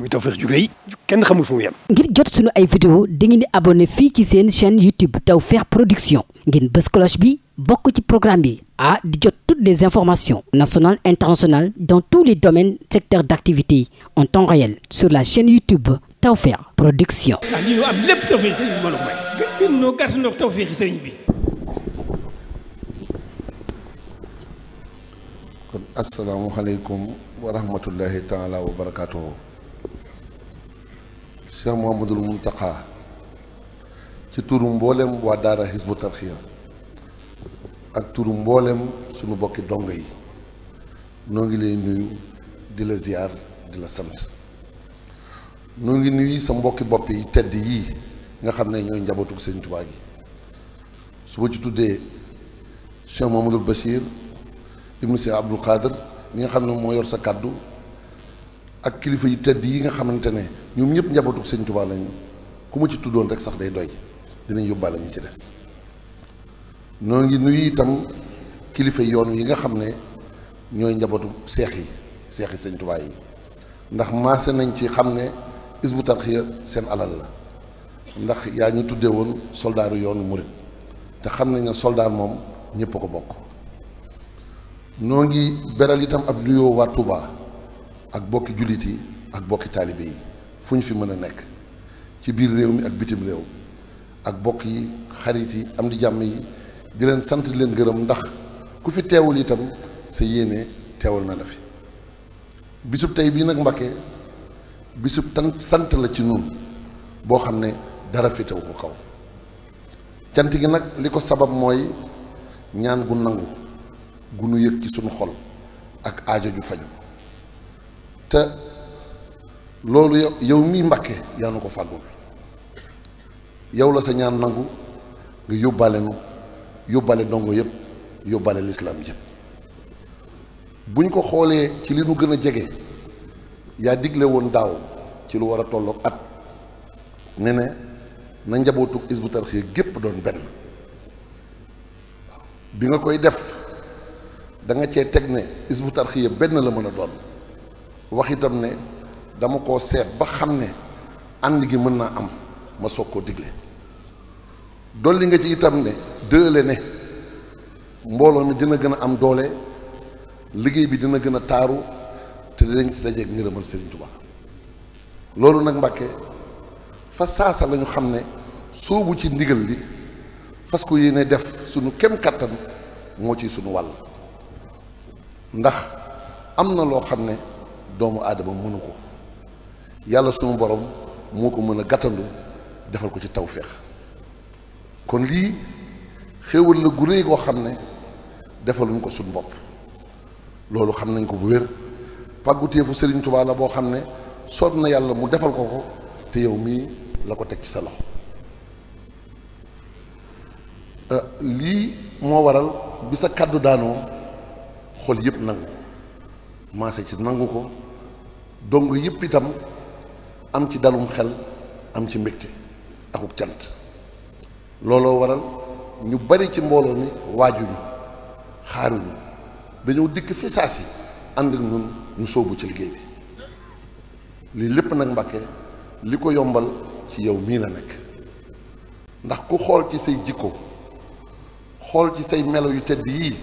muy Tawfekh ju rëy kenn xamul fu mu yem. ngir jot sunu ay vidéo dangeen di abonné fii ci seen chaîne YouTube Tawfekh Production ngeen bës bi bokk ci programme bi ah di jot toutes des informations national internationales dans tous les domaines secteurs d'activité en temps réel sur la chaîne YouTube Tawfekh Production. ah lii ñu Cheikh Mouhamadul Mountakha ci turu mboolem waa daara Hizbu Tarxiya ak turu mbooleem sunu bokki dongo yi noo ngi lay nuyu di la ziar di la sant noo ngi nuyu sa mbokki bopp yi tedd yii nga xam ne ñooy njabootu Sëñ Tuubaa gi su ma ci tuddee Cheikh Mouhamadul Bachir ibnu Cheikh Abdul Xaadir mi nga xam ne moo yor sa kàddu ak kilifa yu tëdd yi nga xamante ne ñoom ñëpp njabootu sëñ Tuubaa lañ ku ma ci tuddoon rek sax day doy dinañ yóbbaale lañu ci des noonu ngi nuyu itam kilifa yoon yi nga xam ne ñooy njabootu seex yi seex yi Tuubaa yi ndax maase nañ ci xam ne Hizbut Tarqiyyah seen alal la ndax yaa ñu tuddee woon soldaaru yoonu murit te xam nañ ne soldaar moom ñëpp a ko bokk noo ngi beral itam ab nuyoo waa Touba. ak bokki jullit yi ak bokki taalibe yi fu ñu fi mën a nekk ci biir réew mi ak bitim réew ak bokk yi xarit yi am di jàmm yi di leen sant leen gërëm ndax ku fi teewul itam sa yéene teewal na la fi bisub tey bii nag Mbakke bisub tan sant la ci nun boo xam ne dara fi tew ko kaw cant gi nag li ko sabab mooy ñaan gu nangu gu nu yëg ci suñu xol ak aajo ju faju te loolu yow yow mbakke mbàkke yaa nu ko fàggul yow la sa ñaan nangu nga yóbbaale nu yóbbaale ndongo yëpp yóbbaale lislaam yëpp bu ñu ko xoolee ci li nu gën a jege yaa digle woon daaw ci lu war a tollook at ne ne na njabootu Hizbut Tarqiyyah gépp doon benn bi nga koy def danga cee teg ne Hizbut Tarqiyyah benn la mën a doon wax itam ne dama ko seet ba xam ne ànd gi mën naa am ma soog koo digle li nga ci itam ne dëële ne mbooloo mi dina gën a am doole liggéey bi dina gën a taaru te dinañ ci dajeeg ngërëmal Sëriñ Tuubaa loolu nag Mbàkke fa saasa lañu xam ne soobu ci ndigal li fas ko yéene def sunu kem kàttan moo ci sunu wàll ndax am na loo xam ne doomu aadama mënu ko yàlla sunu boroom moo ko mën a gàttandu defal ko ci tawféex kon lii xéewal la gu réy goo xam ne defaluñ ko suñ bopp loolu xam nañ ko bu wér pàggutéefu Sëriñ Tuubaa la boo xam ne soob na yàlla mu defal ko ko te yow mii la ko teg ci sa loxo euh, lii moo waral bi sa kàddu daanoo xol yëpp nangu maase ci nangu ko dong yëpp itam am ci dalum xel am ci mbégte akuk cant looloo waral ñu bari ci mbooloo mi waajuñu xaaruñu dañoo dikk fi saa si ànd ak ñun ñu soobu ci liggéey bi lii lépp nag Mbàkke li ko yombal ci yow mii la nekk ndax ku xool ci say jikko xool ci say melo yu tedd yii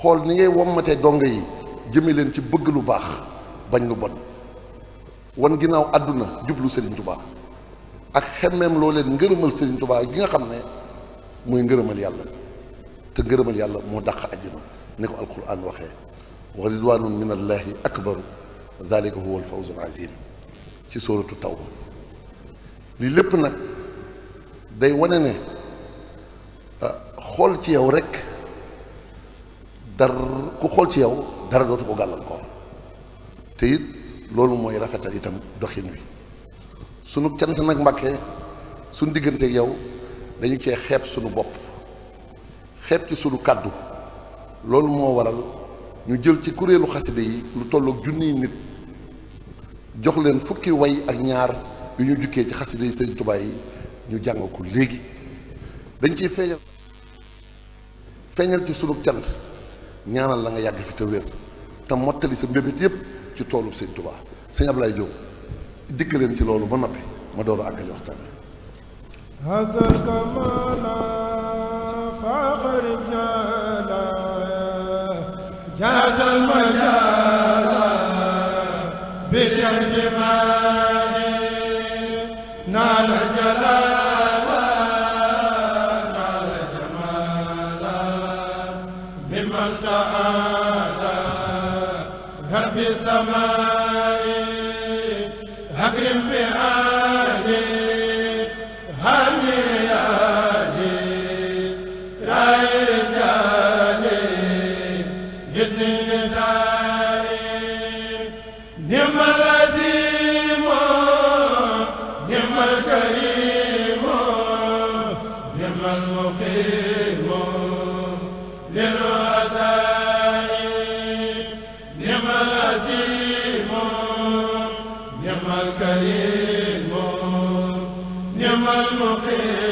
xool ni ngay wommatee dong yi jëme leen ci bëgg lu baax bañ lu bon wan ginnaaw àdduna jublu Serigne Touba ak xemmeem loo leen ngërëmal Serigne Touba gi nga xam ne muy ngërëmal yàlla te ngërëmal yàlla moo dàq àjjana ni ko alquran waxee wa ridwanun min allahi akbaru dalika huwa alfawzu alazim ci sóoratu taw lii lépp nag day wane ne ah, xool ci yow rekk dar ku xool ci yow dara dootu ko gàllankoor te it loolu mooy rafetal itam doxin wi sunu cant nag mbàkke suñu diggante yow dañu cee xeeb sunu bopp xeeb ci sunu kàddu loolu moo waral ñu jël ci kuréelu xaside yi lu tollook junniy nit jox leen fukki way ak ñaar yu ñu jukkee ci xaside yi sëñ Tuubaa yi ñu jàng ko léegi dañ ciy feeñal feeñal ci sunu cant ñaanal la nga yàgg fi te wér mottali sa mbébét yépp ci toolub sëñ Tubaa sëñ Ablaye Diop dikk ci loolu ba noppi ma door a àggali waxtaan wi. أكرم بها كريم نعم المقيم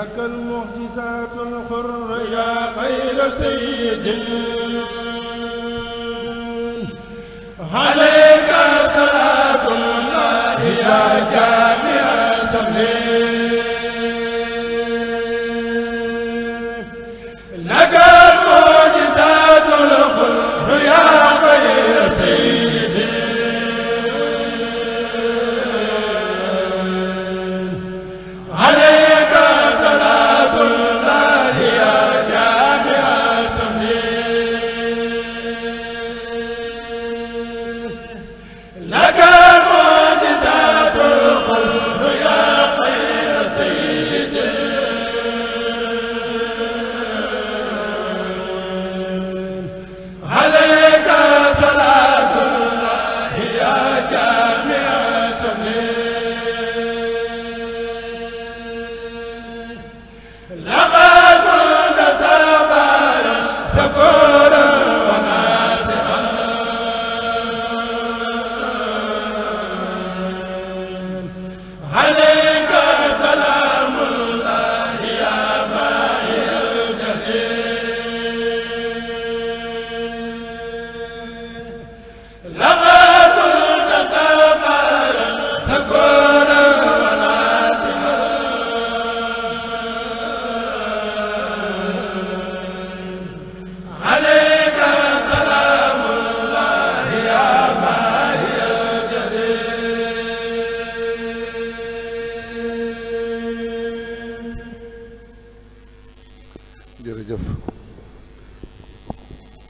لك المعجزات الخر يا خير سيد عليك صلاة الله يا جاي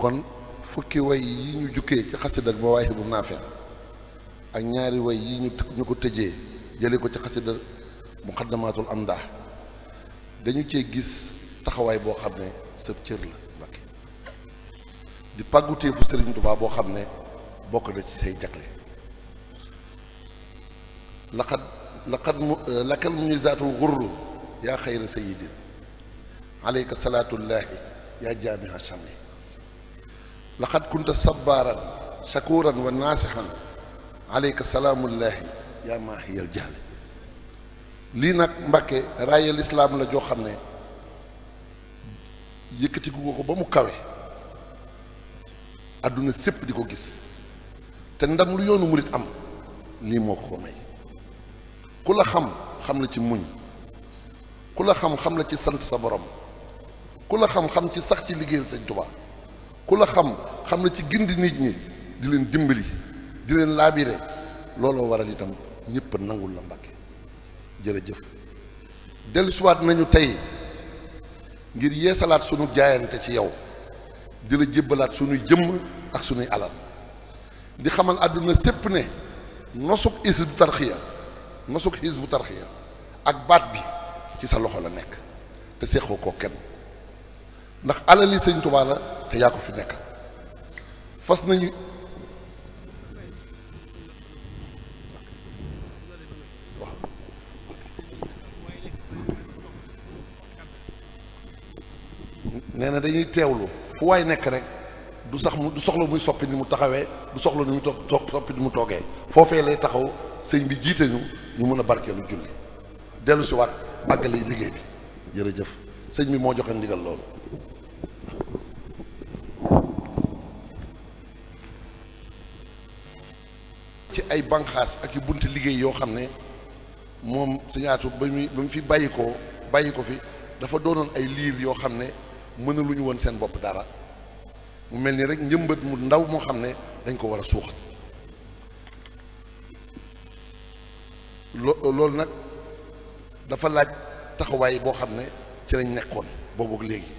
kon fukki way yi ñu jukkee ci xasida Mawaahibu Naafi ak ñaari way yi ñu ñu ko tëjee jële ko ci xasida am Amdah dañu ci gis taxawaay boo xam ne sëb cër la di pàgguteefu Sëriñ Tuubaa boo xam ne bokk na ci say jagle laqad laqad mu lakal mu'jizatul ghurru yaa xayra sayyidin alayka salaatullaahi yaa jaamiha chamli laqad kunta sabaran shakuran wa naasixan aleyka salaamullahi yaa maahiyal jahl lii nag Mbàkke raaya lislaam la joo xam ne yëkkati gu ko ba mu kawe àdduna sépp di ko gis te ndam lu yoonu murit am lii moo ko ko may ku la xam xam la ci muñ ku la xam xam la ci sant sa borom ku la xam xam ci sax ci liggéeyal Sëñ Tuubaa ku la xam xam na ci gindi nit ñi di leen dimbali di leen laabire looloo waral itam ñëpp nangul la Mbàkke jërëjëf dellusiwaat nañu tey ngir yeesalaat sunu jaayante ci yow di la jébbalaat sunuy jëmm ak sunuy alal di xamal àdduna sépp ne nosuk Hizbut Tarqiyyah nosuk Hizbut Tarqiyyah ak baat bi ci sa loxo la nekk te seexoo ko kenn ndax alali Sëñ Tuubaa la te yaa ko fi nekk fas nañu waaw nee na dañuy teewlu fu waay nekk rek du sax mu du soxla muy soppi ni mu taxawee du soxla ni mu toog soppi ni mu toogee foofee lay taxaw sëñ bi jiite ñu ñu mën a barkeelu julli dellu si waat àggale liggéey bi jërëjëf sëñ bi moo joxe ndigal loolu ay banqaas ak i bunti liggéey yoo xam ne moom sëñ Aatu ba mu ba mu fi bàyyi ko bàyyi ko fi dafa doonoon ay liir yoo xam ne mënaluñu woon seen bopp dara mu mel ni rek njëmbat mu ndaw moo xam ne dañ ko war a suuxat lo loolu nag dafa laaj taxawaay boo xam ne ci lañ nekkoon boobu léegi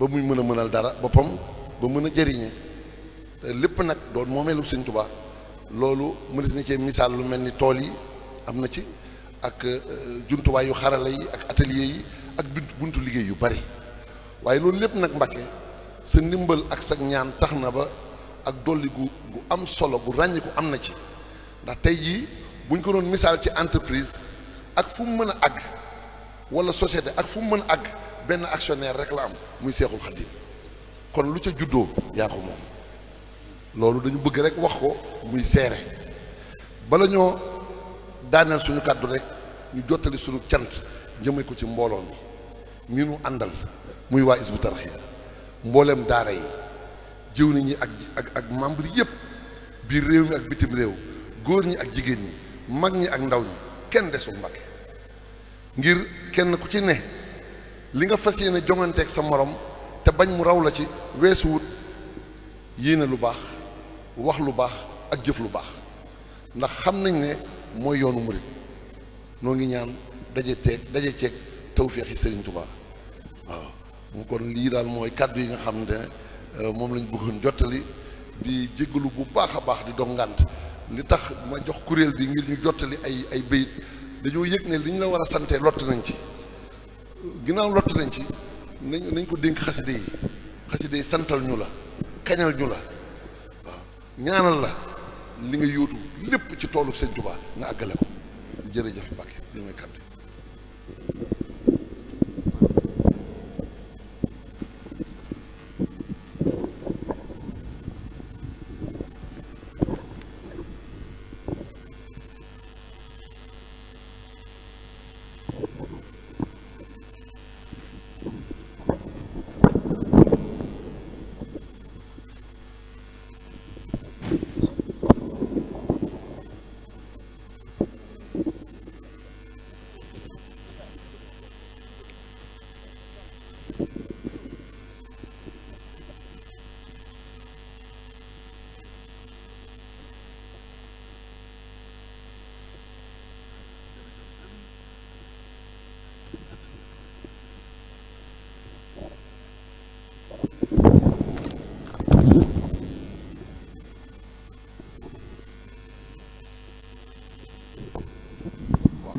ba muy mën a mënal dara boppam ba mën a jëriñe lépp nag doon moomeelu Sëñ Tuubaa loolu mënees na cee misaal lu mel ni tool yi am na ci ak euh, jumtuwaay yu xarala yi ak atelier yi ak buntu buntu liggéey yu bari waaye loolu lépp nag Mbàkke sa ndimbal ak sa ñaan tax na ba ak dolli gu gu am solo gu ràññiku am na ci ndax tey jii buñ ko doon misaal ci entreprise ak fu mu mën a àgg wala société ak fu mu mën a àgg benn actionnaire rek la am muy Seexul Xadiim kon lu ca juddoo yaa ko moom loolu dañu bëgg rek wax ko muy seere bala ñoo daaneel suñu kàddu rek ñu jottali suñu cant jëme ko ci mbooloo mi mi àndal muy waa Hizbut Tarqiyyah mbooleem daara yi jiw nañu ak ak ak membre yëpp biir réew mi ak bitim réew góor ñi ak jigéen ñi mag ñi ak ndaw ñi kenn desul Mbàkke ngir kenn ku ci ne li nga fas yéene joŋanteeg sa morom te bañ mu raw la ci weesu weesuwut yéene lu baax wax lu baax ak jëf lu baax ndax xam nañ ne mooy yoonu murit noo ngi ñaan daje teeg daje ceeg tawféexi Serigne Touba waaw mu kon lii daal mooy kàddu yi nga xam ne euh, moom lañ bëggoon jottali di jéggalu bu baax a baax di dog ngànt li tax ma jox kuréel bi ngir ñu jottali ay ay béyit dañoo yëg ne liñ la war a sante lott nañ ci ginnaaw lott nañ ci nañ nañ ko dénk xaside yi xaside yi santal ñu la kañal ñu la ñaanal la li nga yóotu lépp ci toolu Sëñ Tuubaa nga àggale ko jërëjëf Mbàkke li mooy kàddu